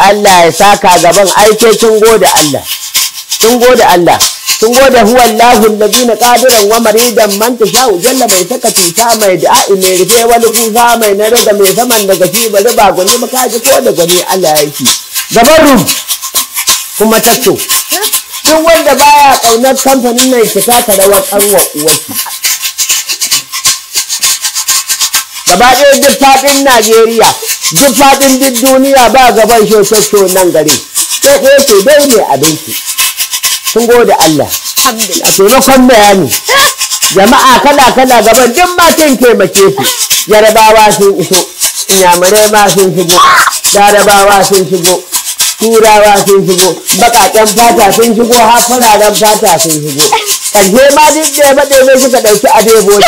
Allah ya saka gaban aike kin gode Allah kin gode Allah kin gode huwa Allahu na qadiran wa maridan man tashau jalla mai saka cuta mai da'i mai rufe wani kufa mai na da mai saman daga shi ba riba gwani makaji ko da gwani Allah ya yi gaban kuma Tato, duk wanda baya kaunar kamfanin mai ka da rawar wa uwarki gaba ɗaya duk faɗin Najeriya duk faɗin duk duniya ba gaban shototo nan gari ko ko yake dai ne abinci sun gode Allah taimakon bayani jama'a kala kala gaban duk matan taimake su yarabawa sun iso inyamurai ma sun shigo larabawa sun shigo turawa sun shigo baƙaƙen fata sun shigo har fararen fata sun shigo ƙarshe ma duk da ya baɗe suka ɗauki adebo sun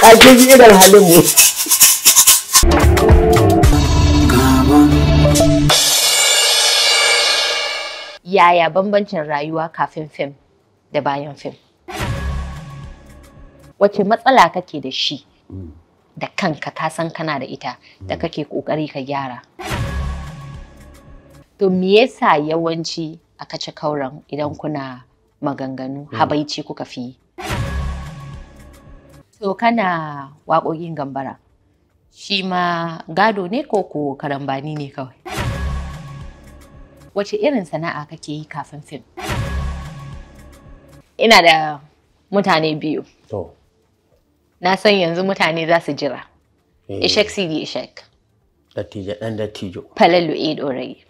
ƙarfi irin halin mu yaya bambancin rayuwa kafin fim da bayan fim wace matsala kake da shi da kanka ka san kana da ita da kake kokari ka gyara to me yasa yawanci a ci kauran idan kuna maganganu hmm. habaici kuka fi to kana waƙoƙin gambara shi ma gado ne ko ko karambani ne kawai wace irin sana'a kake yi kafin fim? Ina da mutane biyu. To. Na san yanzu mutane za su jira. Eh. Ishek Sidi Ishek. Dattijo ɗan dattijo. Falalu Eid Orayi.